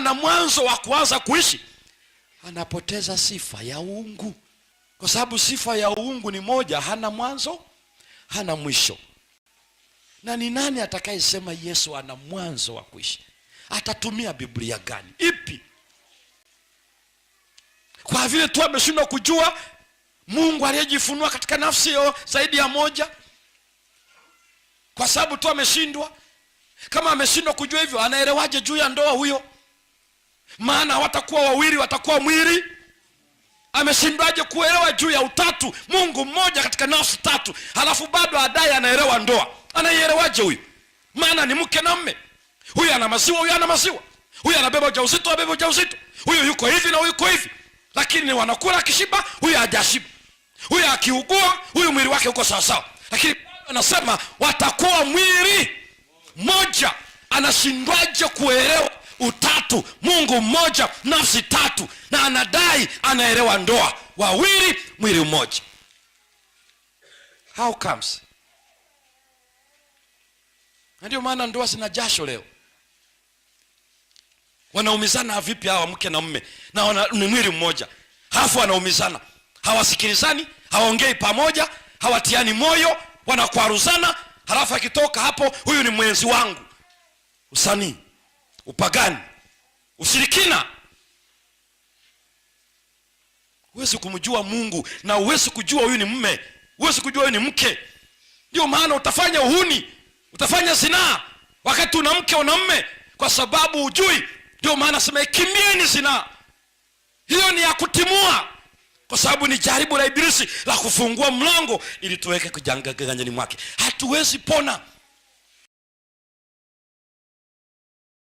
na mwanzo wa kuanza kuishi, anapoteza sifa ya uungu, kwa sababu sifa ya uungu ni moja, hana mwanzo hana mwisho. Na ni nani atakayesema Yesu ana mwanzo wa kuishi? Atatumia Biblia gani? Ipi? Kwa vile tu ameshindwa kujua Mungu aliyejifunua katika nafsi hiyo zaidi ya moja, kwa sababu tu ameshindwa. Kama ameshindwa kujua hivyo, anaelewaje juu ya ndoa huyo? maana watakuwa wawili, watakuwa mwili. Ameshindwaje kuelewa juu ya utatu, Mungu mmoja katika nafsi tatu, halafu bado adaye anaelewa ndoa? Anaielewaje huyu? Maana ni mke na mme, huyu ana maziwa, huyu ana maziwa, huyu anabeba ujauzito, abeba ujauzito, huyu yuko hivi na huyu yuko hivi, lakini ni wanakula, akishiba huyu ajashiba huyu akiugua, huyu mwili wake uko sawasawa, lakini anasema watakuwa mwili moja. Anashindwaje kuelewa utatu? tatu, Mungu mmoja, nafsi tatu, na anadai anaelewa ndoa, wawili mwili mmoja. How comes? Na ndio maana ndoa zina jasho leo, wanaumizana vipi hawa mke na mme na ni mwili mmoja, halafu wanaumizana, hawasikilizani, hawaongei pamoja, hawatiani moyo, wanakwaruzana. Halafu akitoka hapo, huyu ni mwenzi wangu, usanii, upagani. Ushirikina huwezi kumjua Mungu na huwezi kujua huyu ni mme, huwezi kujua huyu ni mke. Ndio maana utafanya uhuni, utafanya zinaa wakati una mke, una mme, kwa sababu hujui. Ndio maana sema ikimbieni zinaa. Hiyo ni ya kutimua, kwa sababu ni jaribu la Ibilisi la kufungua mlango ili tuweke kujangaganyani mwake. Hatuwezi pona.